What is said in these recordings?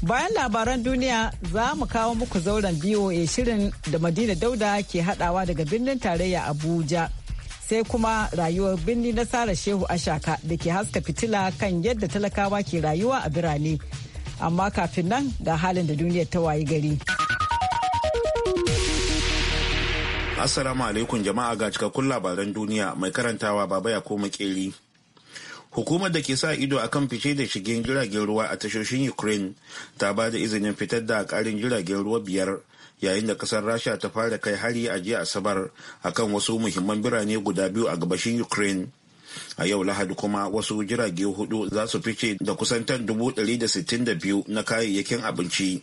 Bayan labaran duniya za mu kawo muku zauren BOA shirin da Madina Dauda ke hadawa daga birnin tarayya Abuja. Sai kuma rayuwar birni na Sara Shehu Ashaka da ke haska fitila kan yadda talakawa ke rayuwa a birane. Amma kafin nan ga halin da duniyar ta wayi gari. Assalamu alaikum jama'a ga cikakkun labaran duniya mai karantawa baba ya koma keli. hukumar da ke sa ido a kan fice da shigen jiragen ruwa a tashoshin ukraine ta ba da izinin fitar da karin jiragen ruwa biyar yayin da kasar rasha ta fara kai hari a jiya asabar a kan wasu muhimman birane guda biyu a gabashin ukraine a yau lahadi kuma wasu jirage hudu za su fice da kusan tan biyu na kayayyakin abinci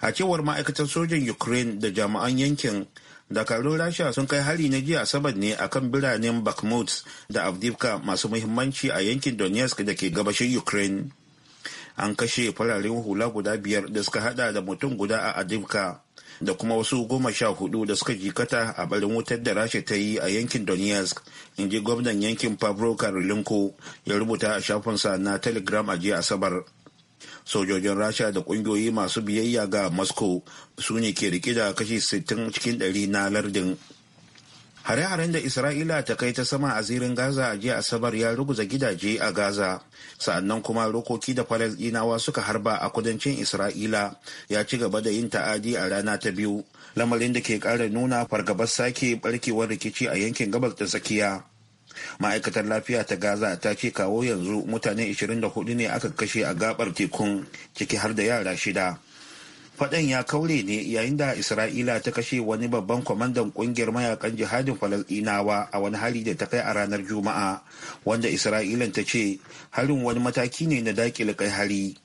a cewar ma'aikatan Sojan ukraine da jami'an yankin dakarun rasha sun kai hari na jiya asabar ne akan biranen bakhmut da avdivka masu muhimmanci a yankin donetsk da ke gabashin ukraine an kashe fararen hula guda biyar da suka hada da mutum guda a avdivka da kuma wasu goma sha hudu da suka jikata a barin wutar da rasha ta yi a yankin donetsk in ji gwamnan yankin pavlo karolinko ya rubuta a shafinsa na telegram a jiya asabar sojojin rasha da kungiyoyi masu biyayya ga moscow su ne ke rike da kashi 60 cikin 100 na lardin hare-haren da isra'ila ta kai ta sama a zirin gaza a jiya asabar ya ruguza gidaje a gaza sa'annan kuma rokoki da falasdinawa suka harba a kudancin isra'ila ya ci gaba da yin ta'adi a rana ta biyu lamarin da ke kara nuna fargabar sake barkewar rikici a yankin gabas da tsakiya ma'aikatar lafiya ta gaza ta ce kawo yanzu mutane 24 ne aka kashe a gabar tekun ciki har da yara shida faɗan ya kaure ne yayin da isra'ila ta kashe wani babban kwamandan ƙungiyar mayakan jihadin falasɗinawa a wani hari da ta kai a ranar juma'a wanda isra'ilan ta ce harin wani mataki ne na daƙile kai hari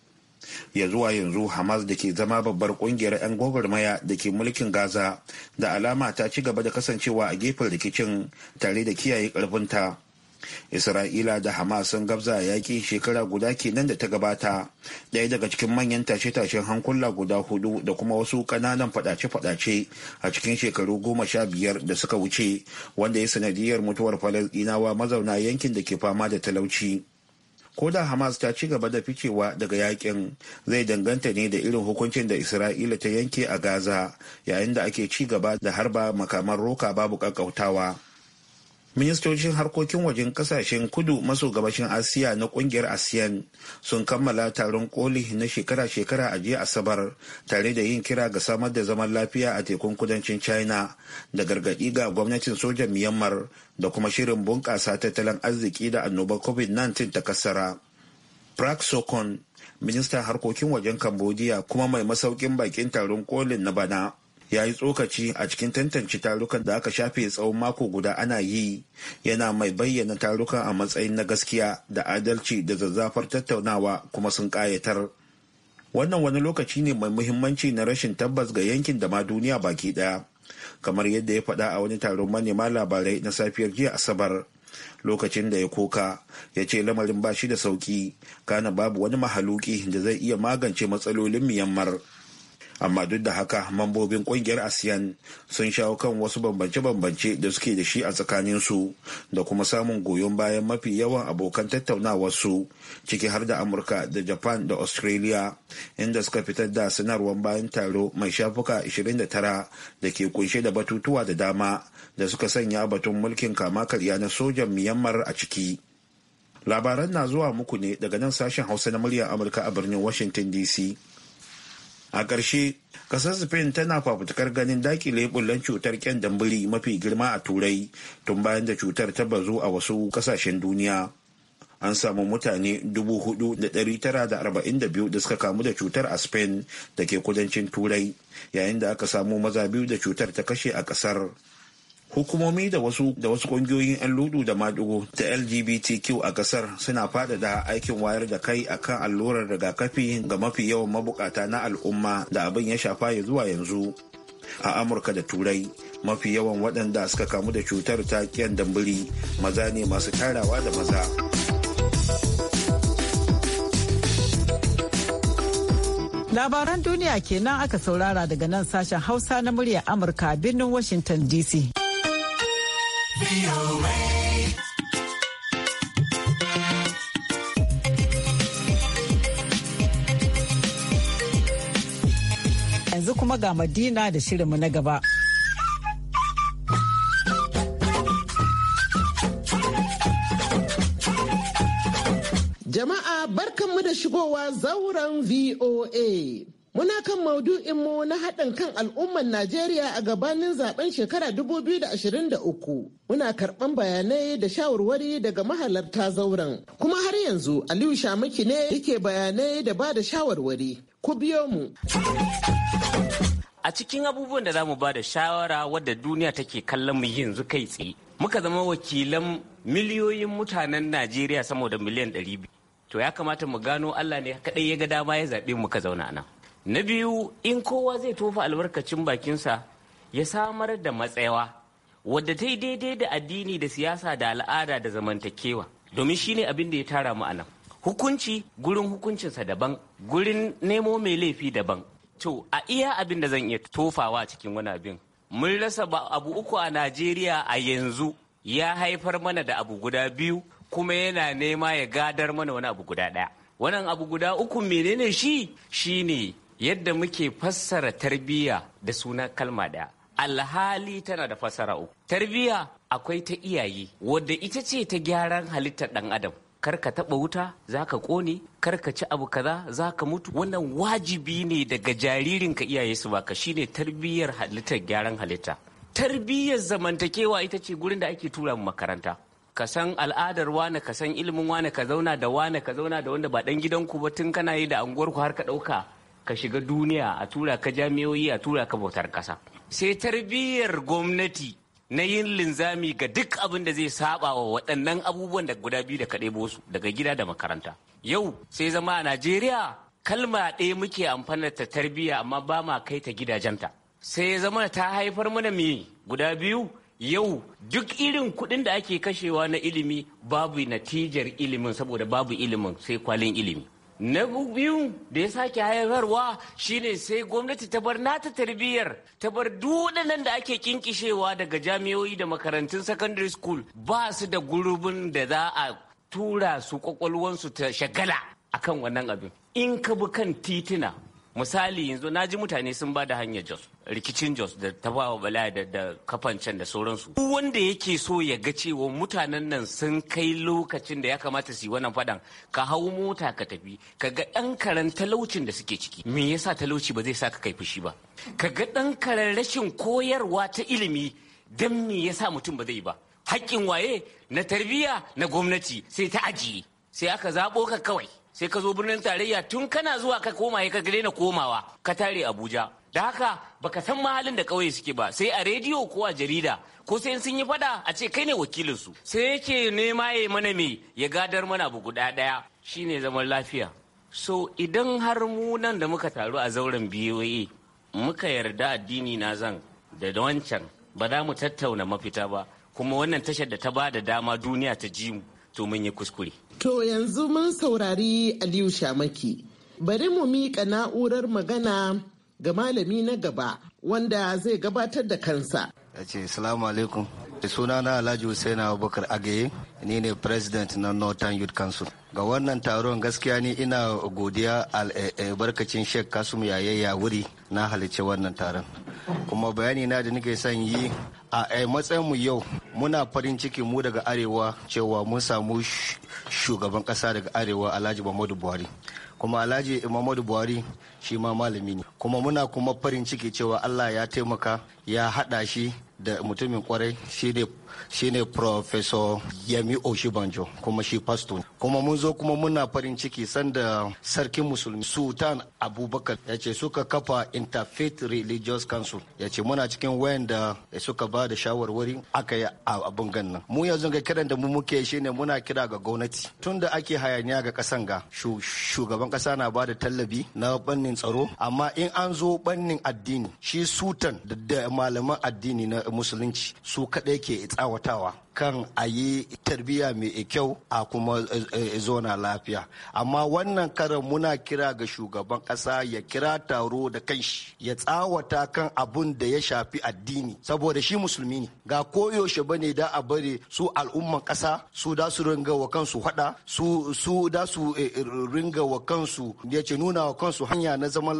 ya zuwa yanzu hamas da ke zama babbar kungiyar 'yan gwagwarmaya da ke mulkin gaza da alama ta ci gaba da kasancewa a gefen rikicin tare da kiyaye karfinta isra'ila da hamas sun gabza yaƙi shekara guda kenan da ta gabata ɗaya daga cikin manyan tashe-tashen hankula guda hudu da kuma wasu ƙananan faɗace-faɗace a cikin shekaru goma sha biyar da suka wuce wanda ya sanadiyar mutuwar falasɗinawa mazauna yankin da ke fama da talauci ko da hamas ta ci gaba da ficewa daga yakin zai danganta ne da irin hukuncin da isra'ila ta yanke a gaza yayin da ake ci gaba da harba makaman roka babu kakautawa. ministocin harkokin wajen kasashen kudu maso gabashin asiya na kungiyar asiyan sun kammala taron koli na shekara-shekara a jiya asabar tare da yin kira ga samar da zaman lafiya a tekun kudancin china da gargaɗi ga gwamnatin sojan myanmar da kuma shirin bunƙasa tattalin arziki da annobar covid-19 ta kasara prak ministan harkokin wajen cambodia kuma mai masaukin bakin taron kolin na bana ya yi tsokaci a cikin tantance tarukan da aka shafe tsawon mako guda ana yi yana mai bayyana tarukan a matsayin na gaskiya da adalci da zazzafar tattaunawa kuma sun ƙayatar wannan wani lokaci ne mai muhimmanci na rashin tabbas ga yankin da ma duniya baki ɗaya kamar yadda ya faɗa a wani taron manema labarai na safiyar jiya asabar lokacin da ya koka ya ce lamarin ba shi da sauki kana babu wani mahaluki da zai iya magance matsalolin miyammar amma duk da haka mambobin kungiyar asiyan sun shawo kan wasu bambance-bambance da suke da shi a tsakanin su da kuma samun goyon bayan mafi yawan abokan tattaunawarsu ciki har da amurka da japan da australia inda suka fitar da sanarwar bayan taro mai shafuka 29 da ke kunshe da batutuwa da dama da suka sanya batun mulkin kama karya na sojan myanmar a ciki labaran na zuwa muku ne daga nan sashen hausa na muryar amurka a birnin washington dc a ƙarshe ƙasar spain tana fafutukar ganin dakile bullan cutar dambiri mafi girma a turai tun bayan da cutar ta bazu a wasu ƙasashen duniya an samu mutane 4,942 da suka kamu da cutar a spain da ke kudancin turai yayin da aka samu maza biyu da cutar ta kashe a ƙasar hukumomi da wasu da wasu kungiyoyin 'yan ludu da madugo ta lgbtq a kasar suna faɗaɗa aikin wayar da kai a kan allurar rigakafi ga mafi yawan mabukata na al'umma da abin ya shafa ya zuwa yanzu a amurka da turai mafi yawan waɗanda suka kamu da cutar ta kiyan dambiri maza ne masu karawa da maza labaran duniya kenan aka saurara daga nan sashen hausa na murya amurka birnin washington dc Yanzu kuma ga Madina da shirinmu na gaba. Jama'a barkanmu da shigowa zauren VOA. Muna kan mu na haɗin kan al'ummar Najeriya a gabanin zaben shekara 2023. Muna karɓan bayanai da shawarwari daga mahalarta zauren. Kuma har yanzu Aliyu Shamaki ne yake bayanai da ba da shawarwari. Ku biyo mu. A cikin abubuwan da za mu ba da shawara wadda duniya take kallon mu yanzu kai tsaye. Muka zama wakilan miliyoyin mutanen Najeriya sama da miliyan 200. To ya kamata mu gano Allah ne kaɗai ya ga dama ya zaɓe mu ka zauna nan. na biyu in kowa zai tofa albarkacin bakinsa ya samar da matsayawa wadda ta yi daidai da addini da siyasa da al'ada da zamantakewa domin shine abin da ya tara mu anan hukunci gurin hukuncinsa daban gurin nemo mai laifi daban to a iya abin da zan iya tofawa cikin wani abin mun rasa ba abu uku a najeriya a yanzu ya haifar mana da abu guda biyu kuma yana nema ya gadar mana wani abu guda ɗaya wannan abu guda uku menene shi shine yadda muke fassara tarbiyya da suna kalma ɗaya alhali tana da fassara uku tarbiyya akwai ta iyaye wadda ita ce ta gyaran halittar ɗan adam kar ka taɓa wuta za ka ƙone kar ka ci abu kaza za ka mutu wannan wajibi ne daga jaririnka iyaye su baka shine tarbiyyar halittar gyaran halitta tarbiyyar zamantakewa ita ce gurin da ake tura mu makaranta ka san al'adar wane ka san ilimin wane ka zauna da wane ka zauna da wanda ba dan gidanku ba tun kana yi da anguwarku har ka ɗauka ka shiga duniya a tura ka jami'oyi a tura ka bautar kasa sai tarbiyyar gwamnati na yin linzami ga duk abin da zai saba wa waɗannan abubuwan da guda biyu da ka ɗebo su daga gida da makaranta yau sai zama a najeriya kalma ɗaya muke amfana ta tarbiyya amma ba ma kai ta gidajenta sai zama ta haifar mana mai guda biyu yau duk irin kuɗin da ake kashewa na ilimi babu natijar ilimin saboda babu ilimin sai kwalin ilimi na biyu da ya sake haifarwa shine sai gwamnati ta bar nata tarbiyyar ta bar waɗannan da ake kinkishewa daga jami'o'i da makarantun secondary school ba su da gurbin da za a tura su kwakwalwansu ta shagala akan wannan abin in ka bi kan tituna. misali yanzu na ji mutane sun ba da hanyar jos rikicin jos da ta ba wa bala kafan can da sauransu duk wanda yake so ya ga cewa mutanen nan sun kai lokacin da ya kamata su yi wannan fadan ka hau mota ka tafi ka ga ɗan karen talaucin da suke ciki me yasa talauci ba zai sa ka kai fushi ba ka ga ɗan karen rashin koyarwa ta ilimi dan me yasa mutum ba zai ba haƙƙin waye na tarbiyya na gwamnati sai ta ajiye sai aka zaɓo ka kawai sai ka zo birnin tarayya tun kana zuwa ka koma ka na komawa ka tare abuja da haka baka san mahalin da kauye suke ba sai a rediyo ko a jarida ko sai sun yi fada a ce kai ne wakilin su. sai yake nema ya mana me ya gadar mana abu guda daya shine zaman lafiya so idan har mu nan da muka taru a zauren biyoyi muka yarda addini na zan da wancan ba za mu tattauna mafita ba kuma wannan tashar da ta ba da dama duniya ta ji mu to mun yi kuskure To yanzu mun saurari Aliyu Shamaki. Bari mu miƙa na'urar magana ga malami na gaba wanda zai gabatar da kansa. ya ce salamu alaikum sunana alhaji hussein abubakar agaye ni ne president na northern youth council ga wannan taron gaskiya ni ina godiya albarkacin eh, eh, sheikh kasum yayaya wuri na halicci wannan taron kuma bayani na da nake son yi a eh, matsayin mu yau muna farin ciki mu daga arewa cewa mun samu shugaban kasa daga arewa alhaji muhammadu buhari kuma alhaji muhammadu buhari shi ma malami ne kuma muna kuma farin ciki cewa Allah ya taimaka ya haɗa shi da mutumin kwarai shine shine professor yami Oshibanjo kuma shi pastor kuma mun zo kuma muna farin ciki sanda sarkin musulmi Sultan Abubakar ya ce suka kafa Interfaith Religious Council ya ce muna cikin wayanda suka ba da shawarwari aka yi abin gannan mu yanzu ga kiran da mu muke shine muna kira ga gwamnati da ake hayaniya ga kasan ga shugaban kasa na ba da tallabi na bannin tsaro amma in an zo bannin addini shi sutan da malaman addini na musulunci su kaɗai ke itsawatawa. kan a yi tarbiyya mai kyau a kuma eh, eh, zona lafiya amma wannan karan muna kira ga shugaban kasa ya kira taro da kanshi ya tsawata kan abun da ya shafi addini saboda shi musulmi ne ga koyaushe bane da a bari su al'umman kasa su da su ringa wa kansu hada su da su eh, ringa wa kansu ya ce nuna wa kansu hanya na zaman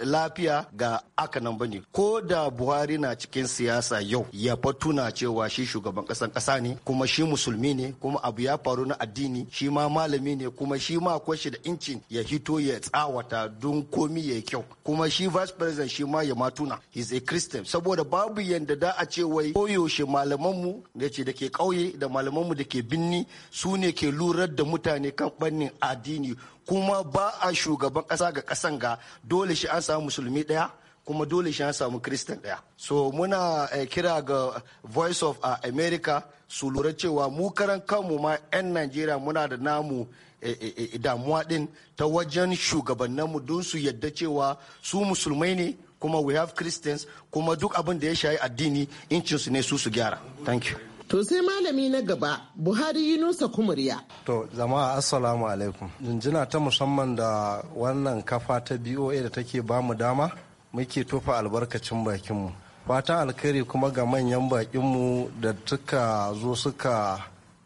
lafiya ga aka nan bane ko da buhari na cikin siyasa yau ya fatuna cewa shi shugaban kasan kasa ne kuma shi musulmi ne kuma abu ya faru na addini shi ma malami ne kuma shi ma akwai da incin ya hito ya tsawata don komi ya kyau kuma shi vice president shi ma ya matuna is a christian saboda babu yanda da a ce wai koyaushe malamanmu da ce da ke ƙauye da malamanmu da ke binni su ne ke lurar da mutane kan bannin addini kuma ba a shugaban kasa ga kasan ga dole shi an samu musulmi daya. kuma dole shi ya samu kristan ɗaya so muna eh, kira ga voice of ah, america su lura cewa mu karan kanmu ma 'yan najeriya muna da namu eh, eh, damuwa din ta wajen shugabanninmu don su yadda cewa su musulmai ne kuma we have christians kuma duk abin da ya shayi addini incinsu ne su su gyara thank you To sai malami na gaba Buhari Yunusa Kumurya. To zama assalamu alaikum. Jinjina ta musamman da wannan kafa ta BOA da take bamu dama muke tofa albarkacin bakinmu fatan alkhairi kuma ga manyan bakinmu da suka zo suka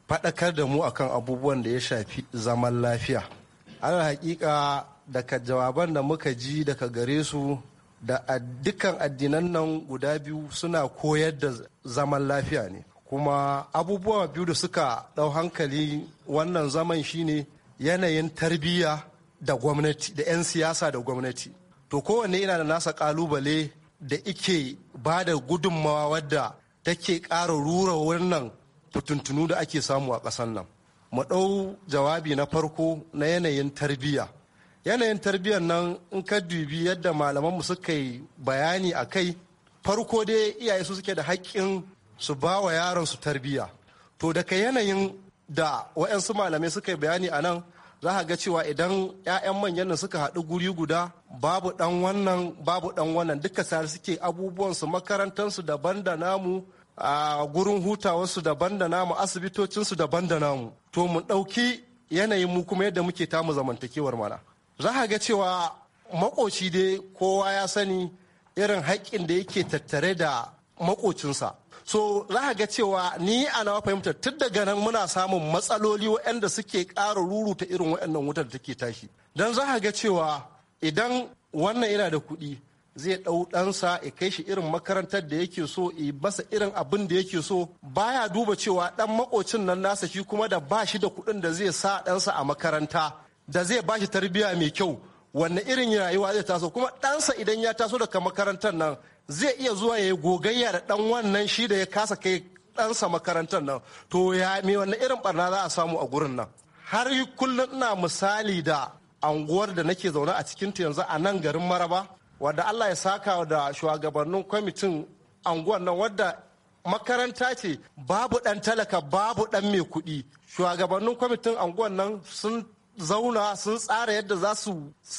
faɗakar da mu akan abubuwan da ya shafi zaman lafiya ana hakika daga jawaban da muka ji daga gare su da dukkan addinan nan guda biyu suna koyar da zaman lafiya ne kuma abubuwa biyu da suka ɗau hankali wannan zaman shine yanayin tarbiyya da gwamnati da 'yan siyasa da gwamnati to kowanne yana da nasa kalubale da ike ba da gudunmawa wadda take ƙara rura wannan fitintunu da ake samu a ƙasar nan mu ɗau jawabi na farko na yanayin tarbiyya yanayin tarbiyyar nan in ka dubi yadda malamanmu suka yi bayani a kai farko dai iyaye su suke da haƙƙin su ba wa yaron su tarbiyya to daga yanayin da waɗansu malamai suka yi bayani a nan za ka ga cewa idan 'ya'yan manyan nan suka haɗu guri guda babu ɗan wannan babu ɗan wannan duka tare suke abubuwansu makarantansu daban da namu a gurin hutawarsu daban da namu asibitocinsu daban da namu to mu ɗauki yanayin mu kuma yadda muke tamu zamantakewar mana za ka ga cewa makoci dai kowa ya sani irin haƙƙin da yake tattare da makocinsa so za ka ga cewa ni a fahimtar tun daga nan muna samun matsaloli waɗanda suke ƙara ruruta irin waɗannan wutar da take tashi don za ka ga cewa idan wannan yana da kuɗi zai ɗau ɗansa ya kai shi irin makarantar da yake so ya basa irin abin da yake so baya duba cewa ɗan makocin nan nasa shi kuma da ba shi da kuɗin da zai sa ɗansa a makaranta da zai ba shi tarbiyya mai kyau wanne irin rayuwa zai taso kuma ɗansa idan ya taso daga makarantar nan zai iya zuwa ya yi gogayya da dan wannan shi da ya kasa kai ɗansa makarantar nan to ya mai wannan irin barna za a samu a gurin nan har yi kullum ina misali da anguwar da nake zaune a cikin yanzu a nan garin maraba wadda allah ya saka da shugabannin kwamitin anguwar nan wadda makaranta ce babu ɗan talaka babu ɗan mai kuɗi shugabannin kwamitin anguwar nan sun zauna sun tsara yadda za su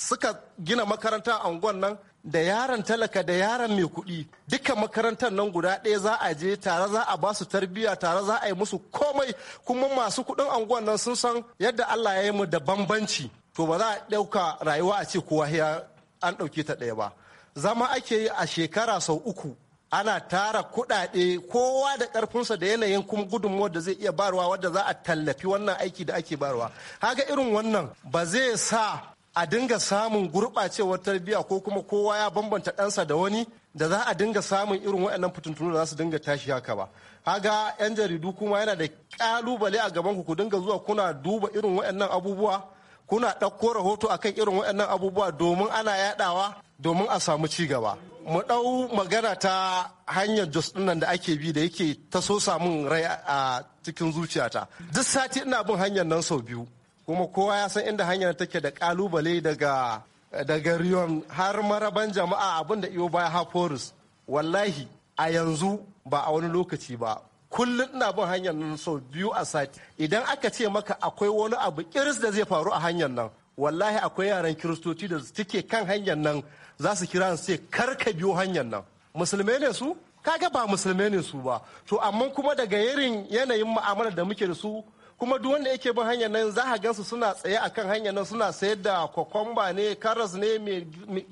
suka gina makaranta anguwar nan da yaron talaka da yaron mai kuɗi duka makarantar nan guda ɗaya za a je tare za a basu tarbiyya tare za a yi musu komai kuma masu kuɗin anguwan nan sun san yadda Allah ya yi mu da bambanci to ba za a ɗauka rayuwa a ce kowa ya an ɗauke ta ɗaya ba zama ake yi a shekara sau uku ana tara kuɗaɗe kowa da ƙarfinsa da yanayin kuma gudunmuwar da zai iya barwa wadda za a tallafi wannan aiki da ake barwa haka irin wannan ba zai sa a dinga samun gurɓacewar tarbiyya ko kuma kowa ya bambanta ɗansa da wani da za a dinga samun irin waɗannan fitintunu da za su dinga tashi haka ba haga yan jaridu kuma yana da ƙalubale a gaban ku ku dinga zuwa kuna duba irin waɗannan abubuwa kuna ɗauko rahoto a kan irin waɗannan abubuwa domin ana yaɗawa domin a samu ci gaba mu ɗau magana ta hanyar jos ɗinnan da ake bi da yake ta so samun rai a cikin zuciyata duk sati ina bin hanyar nan sau biyu kuma kowa ya san inda hanyar take da kalubale daga daga riyon har maraban jama'a abin da iyo baya haforus wallahi a yanzu ba a wani lokaci ba kullum ina bin hanyar nan sau biyu a sati idan aka ce maka akwai wani abu kiris da zai faru a hanyar nan wallahi akwai yaran kiristoci da suke kan hanyar nan za su kira su ce ka biyo hanyar nan musulmai ne su kaga ba musulmai ne su ba to amma kuma daga irin yanayin mu'amala da muke da su kuma duk wanda yake bin hanyar nan za a gansu suna tsaye akan hanyar nan suna sayar da kwakwamba ne karas ne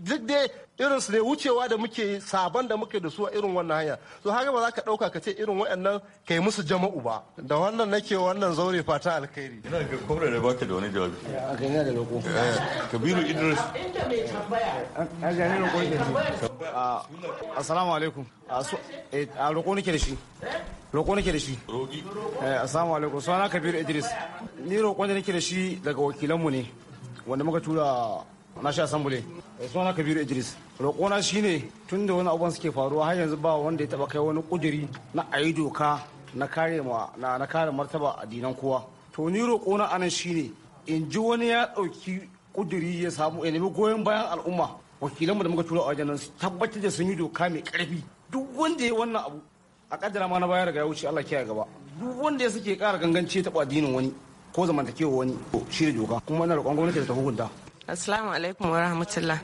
duk dai irin su ne wucewa da muke saban da muke da su a irin wannan hanya so haka ba za ka dauka ka ce irin waɗannan kai musu jama'u ba da wannan nake wannan zaure fata alkhairi ina ga kobra da baka da wani jawabi eh, a ga da eh, kabiru idris inda mai tambaya a ah, ga assalamu alaikum a ah, eh, ah, roko nake da shi roƙo nake da shi assalamu alaikum sunana kabiru idris ni roƙon da nake da shi daga wakilanmu ne wanda muka tura na shi asambule eh, suna kabiru idris roƙona shine tun da wani abubuwan suke faruwa har yanzu ba wanda ya taɓa kai wani ƙuduri na ayi doka na kare martaba addinan kowa to ni roƙona anan shine in ji wani ya ɗauki ƙuduri ya samu ya nemi goyon bayan al'umma wakilanmu da muka tura a wajen nan tabbatar da sun yi doka mai ƙarfi duk wanda ya wannan abu a kaddara ma na baya daga ya wuce Allah kiyaye gaba duk wanda ya suke ƙara ganganci ta addinin wani ko zamantakewa wani shi da doka kuma na roƙon gwamnati da ta hukunta Assalamu alaikum wa rahmatullah.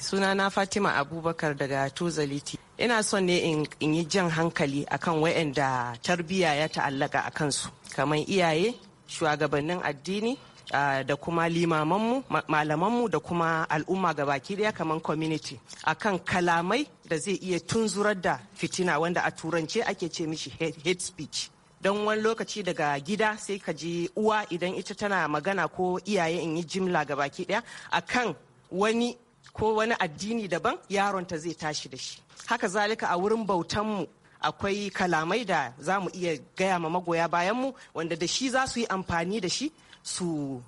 Suna na Fatima Abubakar daga Tozaliti. Ina son ne in yi jan hankali akan wayanda tarbiyya ya ta'allaka a kansu, kamar iyaye, shugabannin addini, da kuma limamanmu malamanmu da kuma al'umma ga baki daya kamar community akan kalamai da zai iya tunzurar da fitina wanda a turance ake ce mishi hate speech don wani lokaci daga gida sai ka ji uwa idan ita tana magana ko iyaye in yi jimla ga baki daya akan wani ko wani addini daban yaronta zai tashi da shi haka zalika a wurin bautanmu akwai kalamai da za mu iya gaya ma magoya bayanmu wanda da shi za su yi amfani da shi su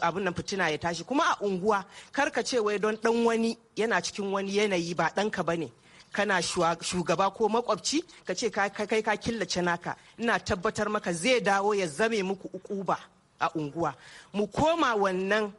abin nan fitina ya tashi kuma a unguwa karka ce wai don dan wani yana cikin wani yanayi ba ɗanka ba ne kana shugaba ko makwabci ka ce kai ka killace naka ina tabbatar maka zai dawo ya zame muku ukuba a unguwa mu koma wannan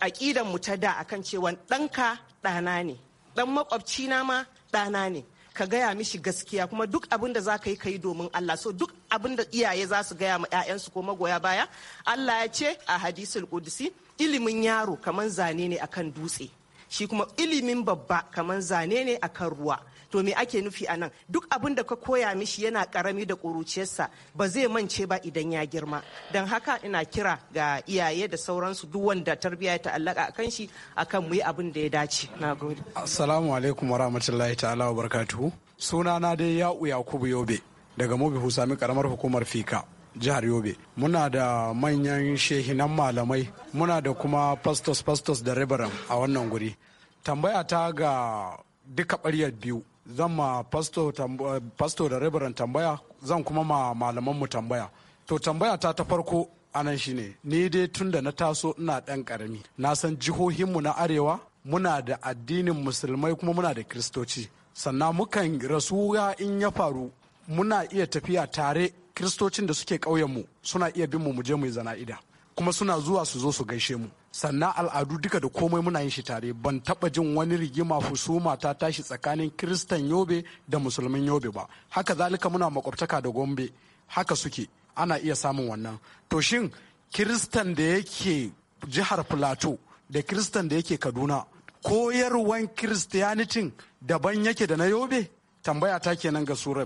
aƙidan mu ta da akan cewa ɗanka ɗana ne ɗan makwabci na ma ɗana ne ka gaya mishi gaskiya kuma duk abin da za ka yi ka yi domin Allah so duk abin da iyaye za su gaya ma 'ya'yansu ko magoya baya Allah ya ce a hadisul kudusi ilimin yaro kamar zane ne akan dutse shi kuma ilimin babba kamar zane ne akan ruwa to me ake nufi a nan duk abin da ka koya mishi yana karami da ƙuruciyarsa ba zai mance ba idan ya girma don haka ina kira ga iyaye da sauransu duk wanda tarbiyya ya ta'allaka a kan shi akan mu yi abin da ya dace na gode assalamu alaikum warahmatullahi ta'ala wa barakatuhu sunana dai ya'u yakubu yobe daga mobi husami karamar hukumar fika jihar yobe muna da manyan shehinan malamai muna da kuma pastors pastors da reverend a wannan guri tambaya ta ga duka ɓaryar biyu zan ma pasto eh, da reverend tambaya zan kuma ma malamanmu tambaya to tambaya ta ta farko anan shine ni dai tun da na taso ina ɗan ƙarami na san jihohinmu na arewa muna da addinin musulmai kuma muna da kiristoci sannan mukan rasuwa in ya faru muna iya tafiya tare kiristocin da suke mu suna iya bin mu mu je mu yi zana'ida kuma suna zuwa su zo su gaishe mu sannan al'adu duka da komai muna yin shi tare ban taba jin wani rigima husuma ta tashi tsakanin kiristan yobe da musulmin yobe ba haka zalika muna makwabtaka da gombe haka suke ana iya samun wannan to shin kiristan da yake jihar plateau da kiristan da yake kaduna koyarwan kiristiyanitin daban yake da na yobe tambaya ta kenan ga sura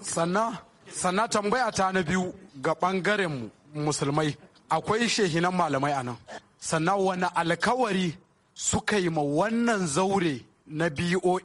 sannan sannan tambaya ta na biyu ga ɓangaren musulmai akwai shehinan malamai a nan sannan wani alkawari suka yi ma wannan zaure na boa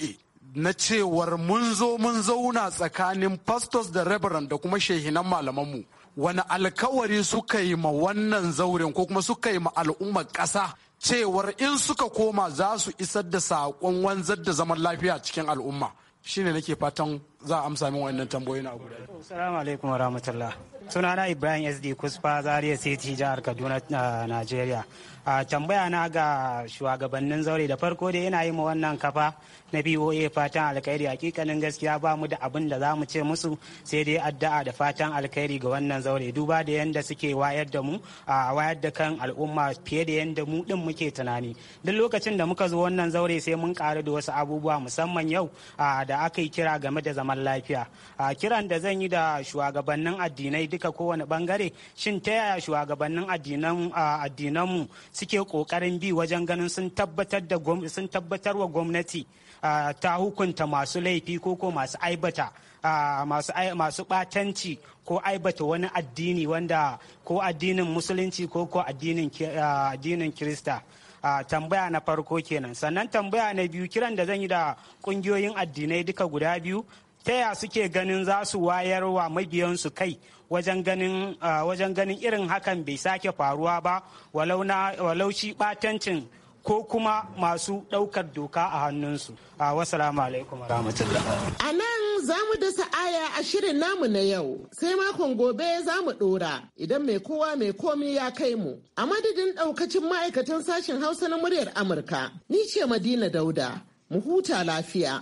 na cewar mun zo mun zauna tsakanin pastors da reverend da kuma shehinan malamanmu wani alkawari suka yi ma wannan zaure ko kuma suka yi ma al'ummar ƙasa cewar in suka koma za su isar da saƙon wanzar da zaman lafiya cikin al'umma shine nake fatan za a amsa min wannan tambayoyi na guda. Assalamu alaikum wa rahmatullah. Sunana Ibrahim SD Kusfa Zaria City jihar Kaduna Najeriya. A tambaya na ga shugabannin zaure da farko dai yana yi ma wannan kafa na BOA fatan alkhairi hakikanin gaskiya ba mu da abin da za mu ce musu sai dai addu'a da fatan alkhairi ga wannan zaure duba da yanda suke wayar da mu a wayar da kan al'umma fiye da yanda mu din muke tunani. Duk lokacin da muka zo wannan zaure sai mun karu da wasu abubuwa musamman yau da aka yi kira game da zama zaman lafiya a kiran da zan yi da shugabannin addinai duka kowane bangare shin ta yaya shugabannin addinan addinanmu suke kokarin bi wajen ganin sun tabbatar da sun tabbatar wa gwamnati ta hukunta masu laifi ko ko masu aibata masu batanci ko aibata wani addini wanda ko addinin musulunci ko ko addinin kirista Uh, tambaya na farko kenan sannan tambaya na biyu kiran da zan yi da kungiyoyin addinai duka guda biyu ta ya suke ganin za su wayar wa mabiyansu kai wajen ganin irin hakan bai sake faruwa ba walau shi batancin ko kuma masu ɗaukar doka a hannunsu. Wasalamu alaikum A nan za mu dasa aya a shirin namu na yau, sai makon gobe za mu ɗora idan mai kowa mai komi ya kai mu. A madadin ɗaukacin ma'aikatan sashen Hausa na muryar Amurka, ni ce Madina Dauda, mu huta lafiya.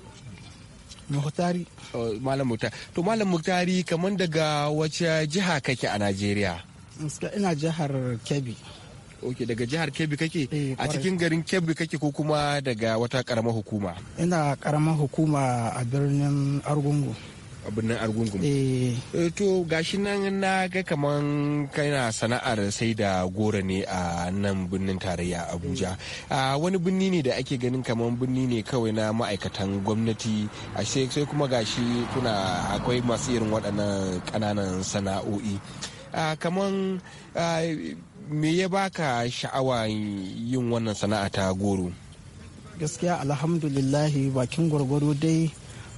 muhtari oh, malam muhtari to malam muhtari kamar daga wace jiha kake a najeriya ina jihar kebbi ok daga jihar kebbi kake eh, a cikin garin kebbi kake ko kuma daga wata karamar hukuma ina karamar hukuma a birnin argungu abin nan argungun eh. Eh, to gashi nan na ga kaman kana sana'ar sai da goro ne a nan birnin tarayya abuja mm. a wani birni ne da ake ganin kaman birni ne kawai na ma'aikatan gwamnati a sai kuma gashi kuna akwai masu irin waɗannan ƙananan sana'o'i a kaman me ya baka sha'awa yin wannan sana'a ta goro gaskiya alhamdulillahi bakin gwargwaro dai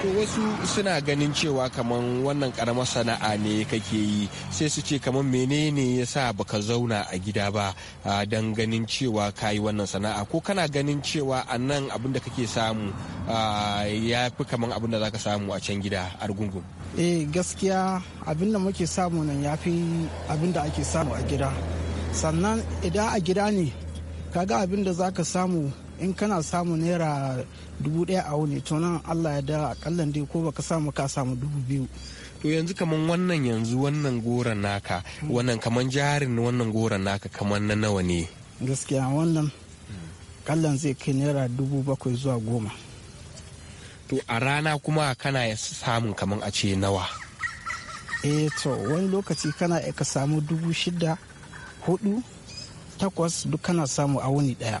to wasu suna ganin cewa kamar wannan karamar sana'a ne kake yi sai su ce kamar menene ya sa baka zauna a gida ba don ganin cewa ka yi wannan sana'a ko kana ganin cewa a nan abin da kake samu ya fi kaman abin da za ka samu a can gida a rugungun eh gaskiya abin da muke samu nan ya fi abin da ake samu a gida sannan idan a gida ne kaga abin da za ka samu in kana samu naira dubu daya a wuni to nan allah ya da akalla dai ko baka samu ka samu dubu biyu to yanzu kaman wannan yanzu wannan goran naka wannan kaman jarin wannan goran naka kaman na nawa ne gaskiya wannan kallon zai kai naira dubu bakwai zuwa goma to a rana kuma kana samun kaman a ce nawa eh to wani lokaci kana ka samu dubu shida hudu takwas duk kana samu a wuni daya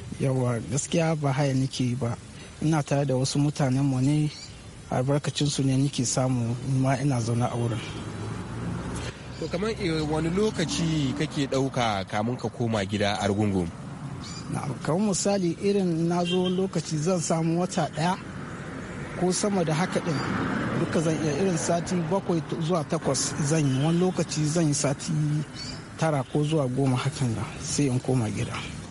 yawa gaskiya ba haya nake ba ina tare da wasu mutanen mu ne albarkacin su ne nake samu ma ina zaune a wurin to kamar eh, wani lokaci kake ɗauka kamun ka koma gida a rugungun kamar misali irin na zo lokaci zan samu wata daya ko sama da haka din duka zan iya irin sati bakwai zuwa takwas zan yi wani lokaci zan yi sati tara ko zuwa goma hakan sai in koma gida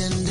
And.